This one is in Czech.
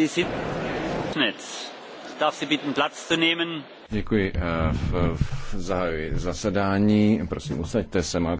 Eh, zahajuji zasedání. Prosím, usaďte se. Máte